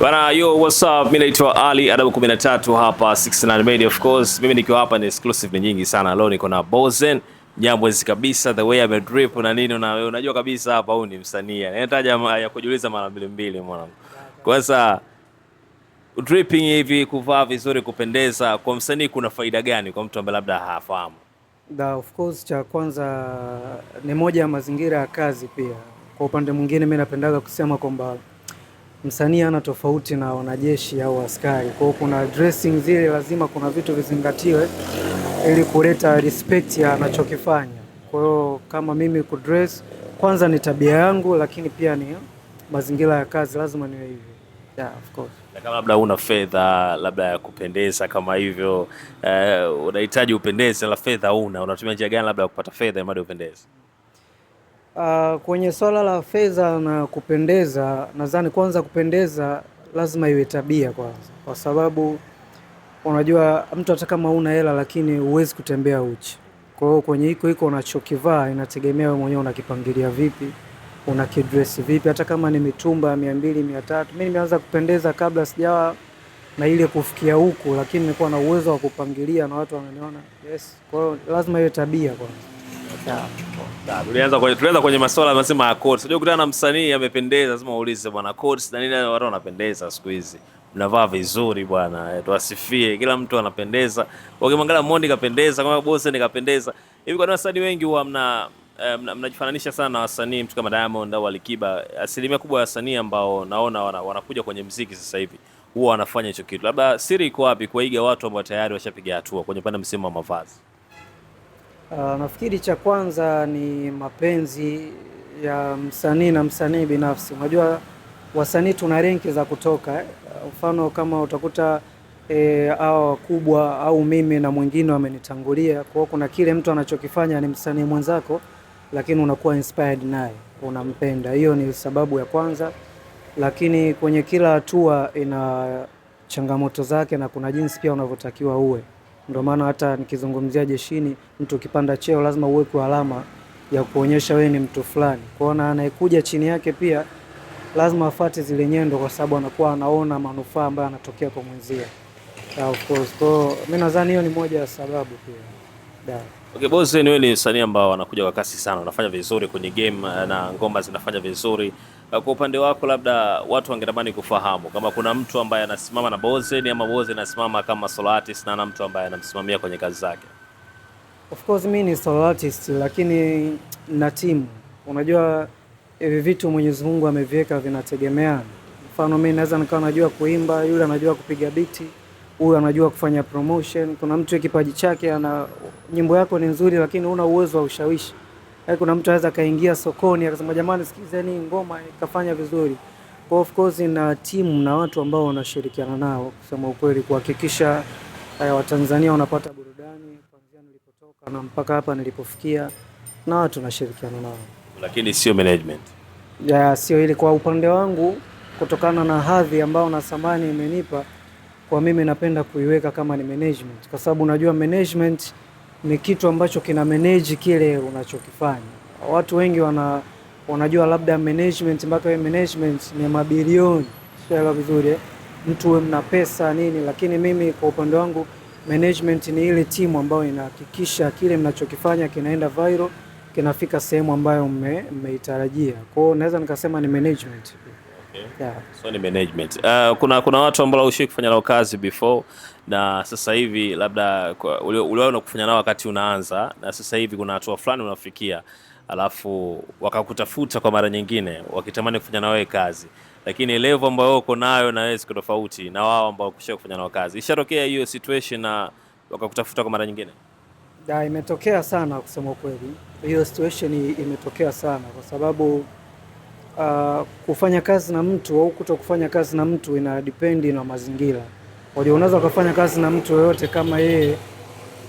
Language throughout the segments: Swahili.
Bana, yo what's up? Mimi naitwa Ali Adabu 13 hapa 69 Media of course. Mimi nikiwa hapa ni exclusive ni nyingi sana. Leo niko na Bozen. Nyambwezi kabisa the way ame drip na nini na unajua kabisa hapa huyu ni msanii. Anahitaji ya kujiuliza mara mbili mbili mwanangu. Kwanza dripping hivi kuvaa vizuri kupendeza kwa msanii kuna faida gani kwa mtu ambaye labda hafahamu? Da, of course cha kwanza ni moja ya mazingira ya kazi pia. Kwa upande mwingine mimi napendaga kusema kwamba msanii ana tofauti na wanajeshi au askari. Kwa hiyo kuna dressing zile, lazima kuna vitu vizingatiwe ili kuleta respect ya anachokifanya. Kwa hiyo kama mimi dress, kwanza ni tabia yangu, lakini pia ni mazingira ya kazi, lazima niwe hivyo. Yeah, of course. Kama labda una fedha labda ya kupendeza kama hivyo, eh, unahitaji upendeze, la fedha una unatumia njia gani labda ya kupata fedha madi upendeze? Uh, kwenye swala la fedha na kupendeza, nadhani kwanza kupendeza lazima iwe tabia kwanza, kwa sababu unajua mtu hata kama una hela lakini huwezi kutembea uchi. Kwa hiyo kwenye hiko hiko unachokivaa inategemea wewe mwenyewe unakipangilia vipi, unakidress vipi. Hata kama ni mitumba 200 300. mimi nimeanza kupendeza kabla sijawa na ile kufikia huku, lakini nilikuwa na uwezo wa kupangilia na watu wananiona yes. Kwa hiyo lazima iwe tabia kwanza. Tulianza kwenye tulianza kwenye masuala anasema ya codes. Unajua ukutana na msanii amependeza, lazima uulize bwana codes na nini watu wanapendeza siku hizi. Mnavaa vizuri bwana, eh, tuwasifie. Kila mtu anapendeza. Ukimwangalia Mondi kapendeza, kama Bose nikapendeza. Hivi kwa nini wasanii wengi huwa eh, mna mnajifananisha sana na wasanii mtu kama Diamond au Alikiba? Asilimia kubwa ya wasanii ambao naona wanakuja kwenye mziki sasa hivi huwa wanafanya hicho kitu. Labda siri iko wapi kuwaiga watu ambao tayari washapiga hatua kwenye upande msimu wa mavazi? Uh, nafikiri cha kwanza ni mapenzi ya msanii na msanii binafsi. Unajua wasanii tuna renki za kutoka, mfano eh, kama utakuta eh, au wakubwa au mimi na mwingine wamenitangulia. Kwa kuna kile mtu anachokifanya ni msanii mwenzako, lakini unakuwa inspired naye, unampenda. Hiyo ni sababu ya kwanza, lakini kwenye kila hatua ina changamoto zake na kuna jinsi pia unavyotakiwa uwe. Ndio maana hata nikizungumzia jeshini, mtu ukipanda cheo lazima uwekwe alama ya kuonyesha wewe ni mtu fulani. Kwaona anayekuja chini yake pia lazima afuate zile nyendo, kwa sababu anakuwa anaona manufaa ambayo anatokea kwa mwenzia. Ah, of course, kwa mimi nadhani hiyo ni moja ya sababu pia da. Okay, Bozzy ni wewe ni msanii ambao wanakuja kwa kasi sana, unafanya vizuri kwenye game eh, na ngoma zinafanya vizuri Eh, kwa upande wako, labda watu wangetamani kufahamu kama kuna mtu ambaye anasimama na Bozen ama Bozen anasimama kama solo artist na ana mtu ambaye anamsimamia kwenye kazi zake. Of course mimi ni solo artist, lakini na timu. Unajua hivi vitu Mwenyezi Mungu ameviweka vinategemeana. Mfano mimi naweza nikawa najua kuimba, yule anajua kupiga biti, huyu anajua kufanya promotion. Kuna mtu kipaji chake ana nyimbo yako ni nzuri, lakini una uwezo wa ushawishi Eh, kuna mtu anaweza akaingia sokoni akasema jamani, sikilizeni ngoma ikafanya vizuri. Kwa of course na timu na watu ambao wanashirikiana nao, kusema ukweli, kuhakikisha eh, Watanzania wanapata burudani kuanzia nilipotoka na mpaka hapa nilipofikia, na watu wanashirikiana nao, lakini sio management ya sio ile. Kwa upande wangu, kutokana na hadhi ambayo na samani imenipa, kwa mimi napenda kuiweka kama ni management, kwa sababu unajua management ni kitu ambacho kina manage kile unachokifanya. Watu wengi wana wanajua labda management mpaka wewe management ni mabilioni, sio vizuri eh. Mtu wewe mna pesa nini, lakini mimi kwa upande wangu management ni ile timu ambayo inahakikisha kile mnachokifanya kinaenda viral, kinafika sehemu ambayo mmeitarajia. Kwa hiyo naweza nikasema ni management okay. Yeah. So management. Uh, kuna kuna watu ambao ushi kufanya nao kazi before na sasa hivi labda uliwahi na kufanya nao wakati unaanza na sasa hivi kuna hatua fulani unafikia, alafu wakakutafuta kwa mara nyingine wakitamani kufanya na kazi, lakini level ambayo uko nayo na wewe tofauti na wao ambao kushia kufanya nao kazi. Ishatokea hiyo situation na wakakutafuta kwa mara nyingine? Da, imetokea sana kusema kweli, hiyo situation imetokea sana kwa sababu uh, kufanya kazi na mtu au kuto kufanya kazi na mtu ina dipendi na mazingira. Wajua, unaweza ukafanya kazi na mtu yoyote kama yeye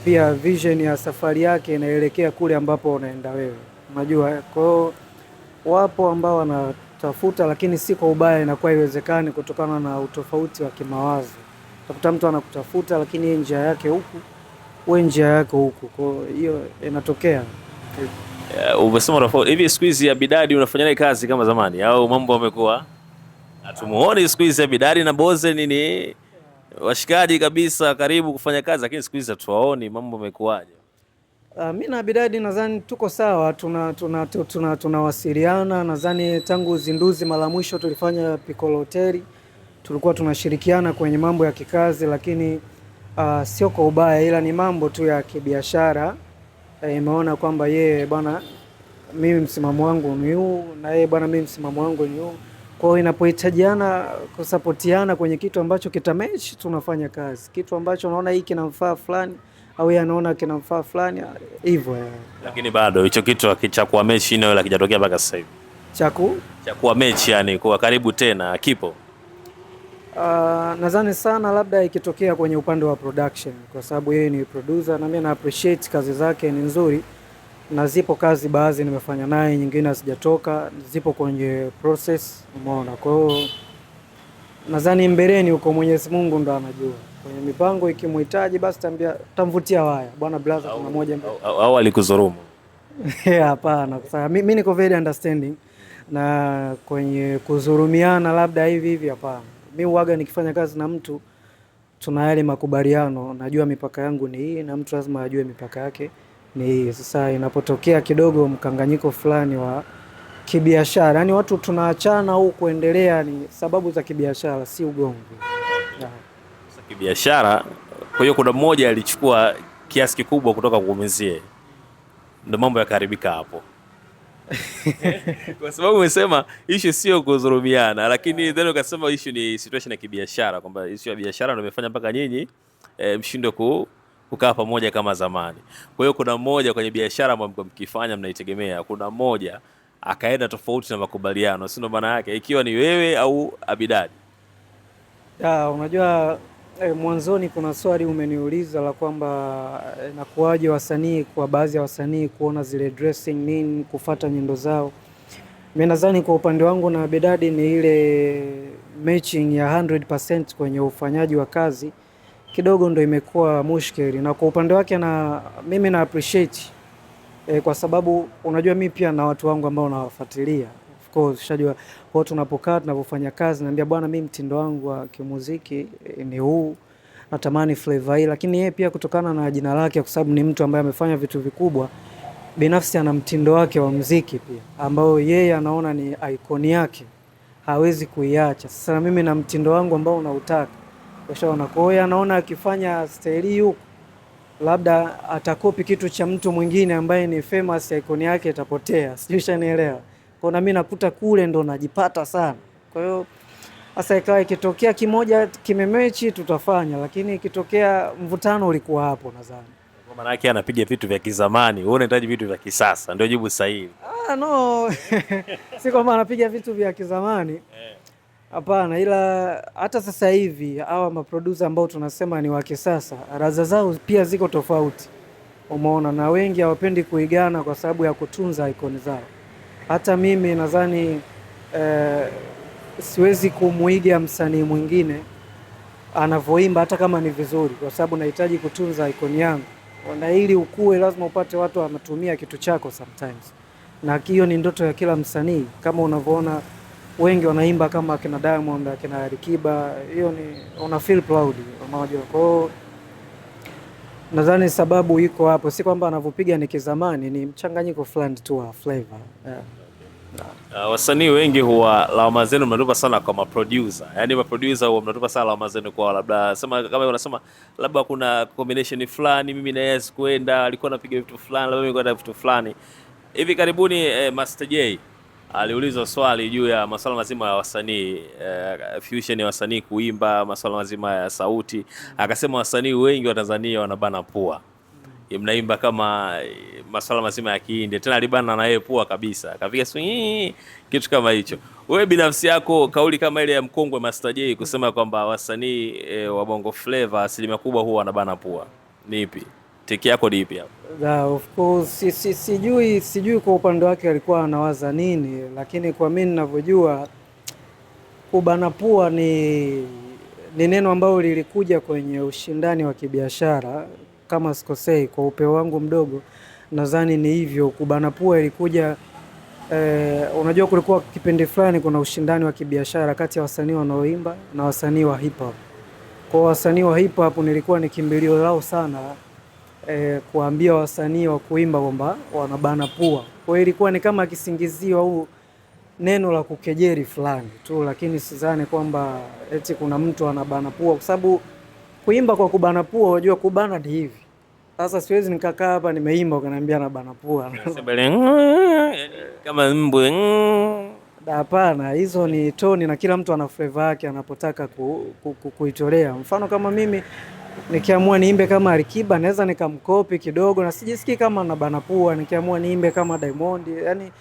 pia vision ya safari yake inaelekea kule ambapo unaenda wewe, unajua. Kwa hiyo wapo ambao wanatafuta, lakini si kwa ubaya, inakuwa iwezekani kutokana na utofauti wa kimawazo. Utakuta mtu anakutafuta, lakini njia yake huku, wewe njia yako huku, kwa hiyo inatokea. Eh, umesema unafo hivi siku hizi ya Bidadi unafanya naye kazi kama zamani au mambo yamekuwa? Hatumuoni siku hizi ya Bidadi na Boze nini washikaji kabisa, karibu kufanya kazi, lakini siku hizi hatuwaoni. Mambo yamekuwaje? Uh, mi na Bidadi nadhani tuko sawa, tunawasiliana tuna, tuna, tuna nadhani tangu uzinduzi mara mwisho tulifanya Piccolo Hoteli tulikuwa tunashirikiana kwenye mambo ya kikazi, lakini uh, sio kwa ubaya, ila ni mambo tu ya kibiashara imeona eh, kwamba yeye bwana, mimi msimamo wangu ni huu, na yeye bwana, mimi msimamo wangu ni huu. Kwa hiyo inapohitajiana kusapotiana kwenye kitu ambacho kitamechi, tunafanya kazi. Kitu ambacho unaona hii kinamfaa fulani au yeye anaona kinamfaa fulani hivyo, lakini bado hicho kitu cha kuwa mechi nao hakijatokea mpaka sasa hivi, cha ku cha kuwa mechi, yani kuwa karibu tena kipo Uh, nadhani sana labda ikitokea kwenye upande wa production kwa sababu yeye ni producer na mimi na appreciate kazi zake ni nzuri, na zipo kazi baadhi nimefanya naye, nyingine hazijatoka, zipo kwenye process, umeona. Kwa hiyo nadhani mbeleni huko Mwenyezi Mungu ndo anajua, kwenye mipango ikimhitaji, basi tambia tamvutia waya bwana brother, kuna moja au alikuzurumu? Eh, hapana, kwa sababu mimi niko very understanding na kwenye kuzurumiana labda hivi hivi, hapana mi uwaga nikifanya kazi na mtu tuna yale makubaliano, najua mipaka yangu ni hii na mtu lazima ajue mipaka yake ni hii. Sasa inapotokea kidogo mkanganyiko fulani wa kibiashara, yani watu tunaachana au kuendelea, ni sababu za kibiashara, si ugomvi. Sasa kibiashara, kwa hiyo kuna mmoja alichukua kiasi kikubwa kutoka kuumizie, ndo mambo yakaharibika hapo. kwa sababu umesema issue sio kudhulumiana, lakini then ukasema issue ni situation ya kibiashara, kwamba issue ya biashara ndio imefanya mpaka nyinyi e, mshindwe ku kukaa pamoja kama zamani. Kwa hiyo kuna mmoja kwenye biashara ambayo mkifanya mnaitegemea, kuna mmoja akaenda tofauti na makubaliano, si ndo maana yake, ikiwa ni wewe au Abidadi? Ya, ah, unajua E, mwanzoni kuna swali umeniuliza la kwamba inakuwaje eh, wasanii kwa baadhi ya wasanii kuona zile dressing nini kufata nyendo zao. Mimi nadhani kwa upande wangu na Bedadi ni ile matching ya 100% kwenye ufanyaji wa kazi kidogo ndo imekuwa mushkeli, na kwa upande wake na mimi na appreciate e, kwa sababu unajua mi pia na watu wangu ambao nawafuatilia course ushajua kwao, tunapokaa tunapofanya kazi, naambia bwana, mimi mtindo wangu wa kimuziki eh, ni huu, natamani flavor hii, lakini yeye pia kutokana na jina lake, kwa sababu ni mtu ambaye amefanya vitu vikubwa binafsi, ana mtindo wake wa muziki pia ambao yeye anaona ni icon yake, hawezi kuiacha. Sasa mimi na mtindo wangu ambao unautaka ushaona. Kwa hiyo anaona akifanya style huko labda atakopi kitu cha mtu mwingine ambaye ni famous, icon yake itapotea. Sijui ushanielewa? Kwa na mimi nakuta kule ndo najipata sana. Kwa hiyo sasa ikawa ikitokea kimoja kimemechi tutafanya, lakini ikitokea mvutano ulikuwa hapo nadhani. Kwa maana yake anapiga vitu vya kizamani, wewe unahitaji vitu vya kisasa, ndio jibu sahihi. Ah, no. Si kwamba anapiga vitu vya kizamani. Eh. Hapana, ila hata sasa hivi hawa maproducer ambao tunasema ni wa kisasa, raza zao pia ziko tofauti. Umeona, na wengi hawapendi kuigana kwa sababu ya kutunza ikoni zao. Hata mimi nadhani eh, siwezi kumuiga msanii mwingine anavyoimba hata kama ni vizuri, kwa sababu nahitaji kutunza ikoni yangu, na ili ukue lazima upate watu wanatumia kitu chako sometimes, na hiyo ni ndoto ya kila msanii, kama unavyoona wengi wanaimba kama akina Diamond, akina Alikiba, hiyo ni una feel proud, unajua. Kwa hiyo nadhani sababu iko hapo, si kwamba anavyopiga ni kizamani, ni mchanganyiko fulani tu wa flavor yeah. Uh, wasanii wengi huwa lawama zenu mnatupa sana kwa maproducer. Yaani maproducer huwa mnatupa sana lawama zenu kwa labda sema kama unasema labda kuna combination fulani mimi na yeye sikuenda, alikuwa anapiga vitu fulani, labda mimi kwenda vitu fulani. Hivi karibuni eh, Master J aliulizwa swali juu ya masuala mazima ya wasanii eh, fusion ya wasanii kuimba, masuala mazima ya sauti. Akasema wasanii wengi wa Tanzania wanabana pua mnaimba kama eh, masuala mazima ya Kihindi, tena alibana na yeye pua kabisa, akapiga swing, kitu kama hicho. Wewe binafsi yako, kauli kama ile ya mkongwe Master Jay kusema kwamba wasanii e, wa Bongo Flava asilimia kubwa huwa wanabana pua, ni ipi tiki yako? Ni ipi hapo? Of course si, si, sijui sijui kwa upande wake alikuwa anawaza nini, lakini kwa mimi ninavyojua kubana pua ni ni neno ambalo lilikuja kwenye ushindani wa kibiashara kama sikosei, kwa upeo wangu mdogo nadhani ni hivyo. Kubana pua ilikuja eh, unajua kulikuwa kipindi fulani kuna ushindani wa kibiashara kati ya wasanii wanaoimba na wasanii wa hip hop. Kwa wasanii wa hip hop nilikuwa ni kimbilio lao sana eh, kuambia wasanii wa kuimba kwamba wanabana pua. Kwa hiyo ilikuwa ni kama kisingizio au neno la kukejeri fulani tu, lakini sidhani kwamba eti kuna mtu anabana pua, kwa sababu kuimba kwa kubana pua, unajua kubana ni hivi sasa siwezi nikakaa hapa nimeimba ukaniambia na bana pua mm, kama mbwe. Mm. Hapana, hizo ni toni na kila mtu ana flavor yake anapotaka ku, ku, ku, kuitolea. Mfano kama mimi nikiamua niimbe kama Alikiba naweza nikamkopi kidogo na sijisiki kama na bana pua. Nikiamua niimbe kama Diamond, yani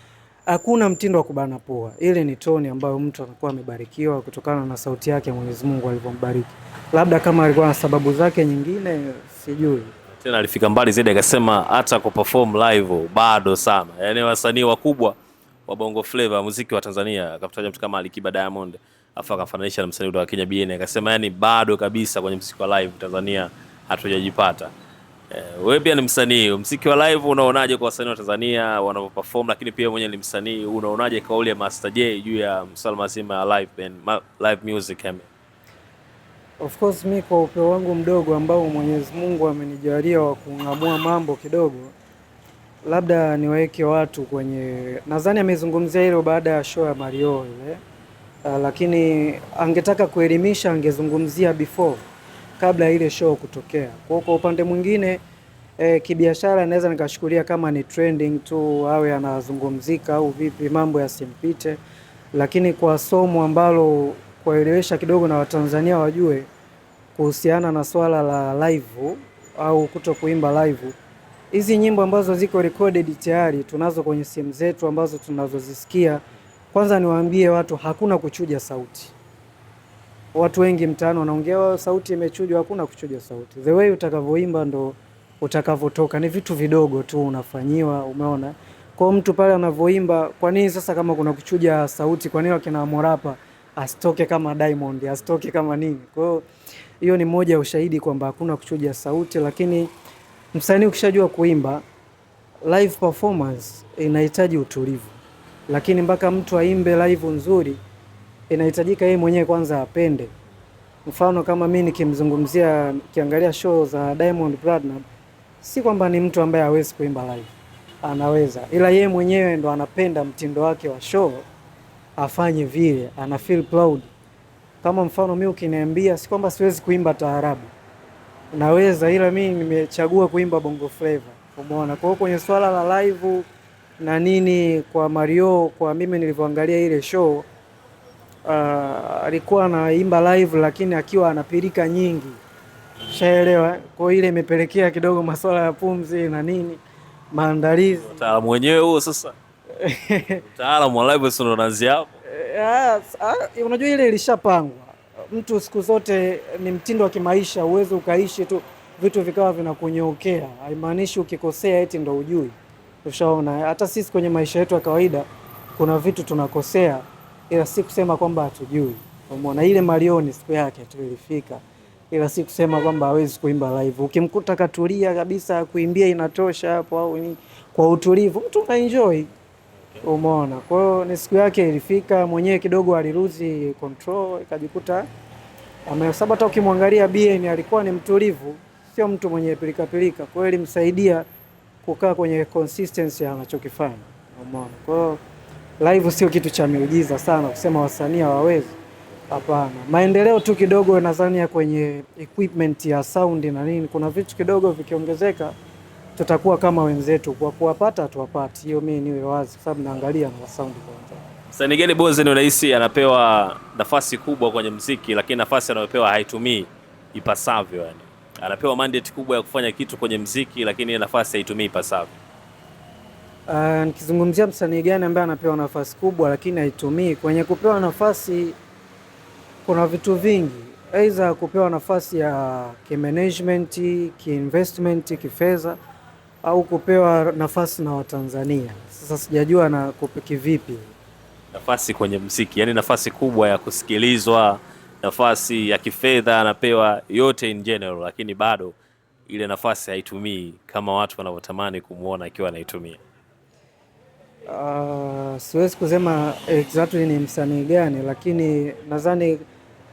hakuna mtindo wa kubana pua. Ile ni toni ambayo mtu anakuwa amebarikiwa kutokana na sauti yake Mwenyezi Mungu alivyombariki. Labda kama alikuwa na sababu zake nyingine sijui tena alifika mbali zaidi akasema hata kwa perform live bado sana. Yaani wasanii wakubwa wa Bongo Flava muziki wa Tanzania akamtaja mtu kama Alikiba Diamond, afa akafananisha na msanii kutoka Kenya BN akasema yani bado kabisa kwenye muziki wa live Tanzania hatujajipata. Eh, wewe pia ni msanii, muziki wa live unaonaje kwa wasanii wa Tanzania wanapoperform, lakini pia mwenye ni msanii unaonaje kauli ya Master J juu ya msala mazima ya live band, live music heme? Of course mi kwa upeo wangu mdogo ambao Mwenyezi Mungu amenijalia wa kung'amua mambo kidogo, labda niweke watu kwenye, nadhani amezungumzia hilo baada ya show ya Mario ile uh, lakini angetaka kuelimisha angezungumzia before, kabla ile show kutokea. Kwa kwa upande mwingine eh, kibiashara naweza nikashukulia kama ni trending tu, awe anazungumzika au vipi, mambo yasimpite, lakini kwa somo ambalo kuwaelewesha kidogo na Watanzania wajue kuhusiana na swala la live au kuto kuimba live. Hizi nyimbo ambazo ziko recorded tayari tunazo kwenye simu zetu ambazo tunazozisikia. Kwanza niwaambie watu, hakuna kuchuja sauti. Watu wengi mtaani wanaongea sauti imechujwa. Hakuna kuchuja sauti, the way utakavyoimba ndo utakavyotoka. Ni vitu vidogo tu unafanyiwa, umeona. Kwa mtu pale anavyoimba, kwa nini sasa kama kuna kuchuja sauti, kwa nini wakina Harmorapa asitoke kama Diamond, asitoke kama nini. Kwa hiyo hiyo ni moja ya ushahidi kwamba hakuna kuchuja sauti, lakini msanii ukishajua kuimba live performance inahitaji utulivu, lakini mpaka mtu aimbe live nzuri inahitajika yeye mwenyewe kwanza apende. Mfano kama mimi nikimzungumzia, kiangalia show za Diamond Platnumz, si kwamba ni mtu ambaye hawezi kuimba live, anaweza, ila yeye mwenyewe ndo anapenda mtindo wake wa show afanye vile, ana feel proud. Kama mfano mimi ukiniambia, si kwamba siwezi kuimba taarabu, naweza, ila mimi nimechagua kuimba bongo flavor. umeona. Kwa hiyo kwenye swala la live na nini, kwa Mario, kwa mimi nilivyoangalia ile show uh, alikuwa anaimba live lakini akiwa anapirika nyingi, shaelewa. Kwa hiyo ile imepelekea kidogo masuala ya pumzi na nini, maandalizi, utaalamu wenyewe huo sasa Mtaalamu wa live sio nazi hapo. Yes, eh, ah, ah, unajua ile ilishapangwa. Mtu siku zote ni mtindo wa kimaisha, uwezo ukaishi tu vitu vikawa vinakunyokea. Haimaanishi ukikosea eti ndo ujui. Ushaona, hata sisi kwenye maisha yetu ya kawaida kuna vitu tunakosea, ila si kusema kwamba hatujui. Umeona ile Marioni siku yake tu ilifika, ila si kusema kwamba hawezi kuimba live. Ukimkuta katulia kabisa, kuimbia inatosha hapo, au kwa utulivu, mtu unaenjoy okay. Umeona, kwa hiyo ni siku yake ilifika mwenyewe kidogo aliruzi control ikajikuta amesaba. Hata ukimwangalia BN alikuwa ni mtulivu, sio mtu mwenye pilika pilika, kwa hiyo ilimsaidia kukaa kwenye consistency anachokifanya. Umeona, kwa hiyo live sio kitu cha miujiza sana kusema wasanii hawawezi, hapana. Maendeleo tu kidogo nadhani ya kwenye equipment ya sound na nini, kuna vitu kidogo vikiongezeka tutakuwa kama wenzetu kwa kuwapata tuwapati. Hiyo mimi niwe wazi, kwa sababu naangalia na sound kwanza. Msanii gani Bonze ni rais anapewa nafasi kubwa kwenye mziki, lakini nafasi anayopewa haitumii ipasavyo? Yani anapewa mandate kubwa ya kufanya kitu kwenye mziki, lakini ile nafasi haitumii ipasavyo. Uh, nikizungumzia msanii gani ambaye anapewa nafasi kubwa lakini haitumii, kwenye kupewa nafasi kuna vitu vingi, aidha kupewa nafasi ya kimanagement, kiinvestment, kifedha au kupewa nafasi na Watanzania. Sasa sijajua na kupiki vipi nafasi kwenye mziki, yani nafasi kubwa ya kusikilizwa, nafasi ya kifedha anapewa yote in general, lakini bado ile nafasi haitumii kama watu wanavyotamani kumwona akiwa anaitumia. Uh, siwezi kusema exactly ni msanii gani, lakini nadhani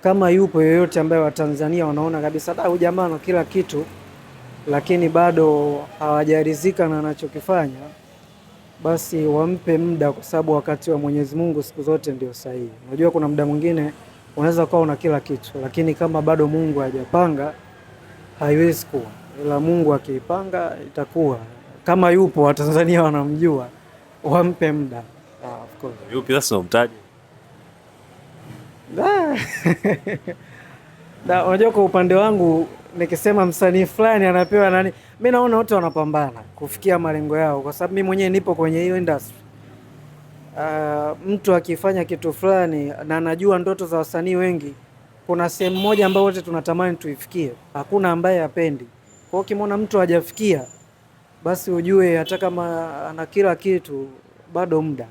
kama yupo yoyote ambaye Watanzania wanaona kabisa da, huyu jamaa na kila kitu lakini bado hawajaridhika na anachokifanya, basi wampe muda, kwa sababu wakati wa Mwenyezi Mungu siku zote ndio sahihi. Unajua, kuna muda mwingine unaweza kuwa una kila kitu, lakini kama bado Mungu hajapanga haiwezi kuwa, ila Mungu akiipanga itakuwa. Kama yupo, Watanzania wanamjua, wampe muda. Ah, yupi sasa umtaje? Unajua, kwa upande wangu nikisema msanii fulani anapewa nani, mi naona wote wanapambana kufikia malengo yao, kwa sababu mi mwenyewe nipo kwenye hiyo industry. Uh, mtu akifanya kitu fulani na anajua ndoto za wasanii wengi, kuna sehemu moja ambayo wote tunatamani tuifikie, hakuna ambaye apendi kwao. hiyo ukimwona mtu hajafikia, basi ujue hata kama ana kila kitu, bado muda.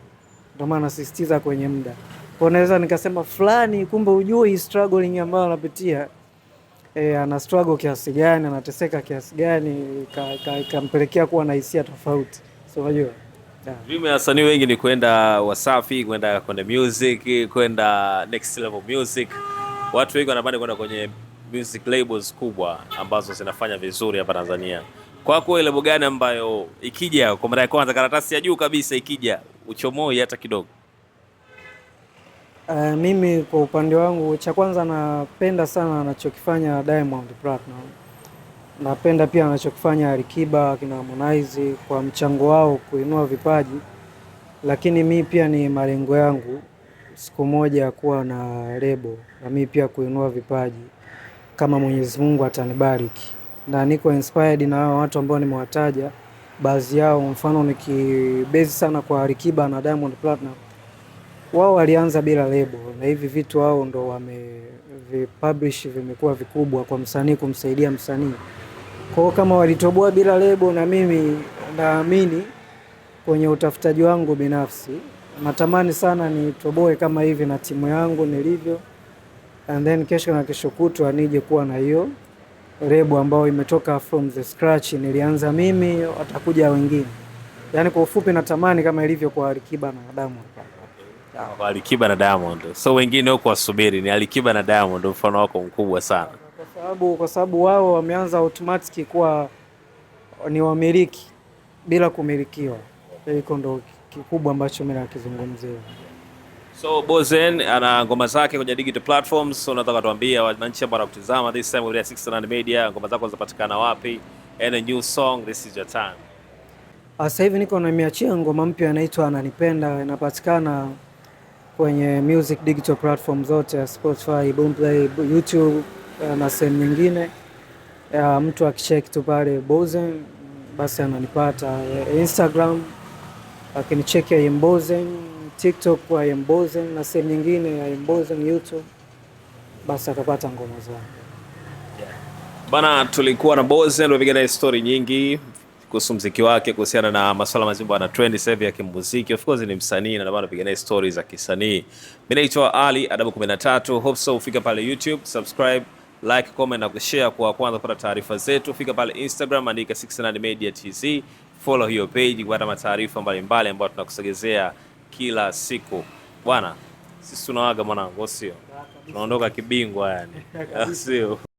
Ndio maana nasisitiza kwenye muda, kwa naweza nikasema fulani, kumbe ujue struggling ambayo anapitia e, ana struggle kiasi gani, anateseka kiasi gani, ikampelekea ka, ka, kuwa na hisia tofauti, so unajua Dream ya wasanii wengi ni kwenda Wasafi, kwenda kwenda music, kwenda next level music. Watu wengi wanapenda kwenda kwenye music labels kubwa ambazo zinafanya vizuri hapa Tanzania. Kwako ile lebo gani ambayo ikija kwa mara ya kwanza karatasi ya juu kabisa ikija uchomoi hata kidogo? Uh, mimi kwa upande wangu cha kwanza napenda sana anachokifanya Diamond Platinum. Napenda pia anachokifanya Alikiba akina Harmonize kwa mchango wao kuinua vipaji, lakini mi pia ni malengo yangu siku moja kuwa na lebo na mi pia kuinua vipaji kama Mwenyezi Mungu atanibariki, na niko inspired na hao watu ambao nimewataja baadhi yao, mfano nikibezi sana kwa Alikiba na Diamond Platinum wao walianza bila lebo na hivi vitu wao ndo wamevipublish, vimekuwa vikubwa kwa msanii kumsaidia msanii. Kwa kama walitoboa bila lebo, na mimi naamini kwenye utafutaji wangu binafsi, natamani sana nitoboe kama hivi na timu yangu nilivyo, and then kesho na kesho kutwa nije kuwa na hiyo lebo ambayo imetoka from the scratch, nilianza mimi, watakuja wengine. Yaani kwa ufupi, natamani kama ilivyo kwa Alikiba na Diamond kwa Alikiba na Diamond. So wengine huko wasubiri ni Alikiba na Diamond, mfano wako mkubwa sana, kwa sababu kwa sababu wao wameanza automatic kuwa ni wamiliki bila kumilikiwa. Hiko ndo kikubwa ambacho mimi nakizungumzia. So Bozen ana ngoma zake kwenye digital platforms, so nataka tuambia wananchi ambao wanakutizama this time with 69 Media, ngoma zako zinapatikana wapi? And a new song this is your time. Ah, sasa hivi niko nimeachia ngoma mpya inaitwa Ananipenda, inapatikana kwenye music digital platform zote Spotify, Boomplay, YouTube eh, na sehemu nyingine. Eh, mtu akicheck tu pale Bozen basi ananipata. Eh, Instagram akinicheck ya Bozen, TikTok kwa Bozen na sehemu nyingine ya Bozen, YouTube basi atapata ngoma zangu. Bana, tulikuwa na Bozen, tumepigana story nyingi kuhusu mziki wake kuhusiana na masuala mazima ana trend sasa hivi ya kimuziki. Of course ni msanii na ndio maana stories za kisanii. Mimi naitwa Ali Adabu 13. Hope so ufika pale YouTube, subscribe, like, comment na kushare kwa kwanza kupata taarifa zetu. Fika pale Instagram andika 69 Media TZ, follow hiyo page kupata mataarifa mbalimbali ambayo tunakusogezea kila siku. Bwana, sisi tunawaga mwanangu, sio? Tunaondoka kibingwa yani. Sio?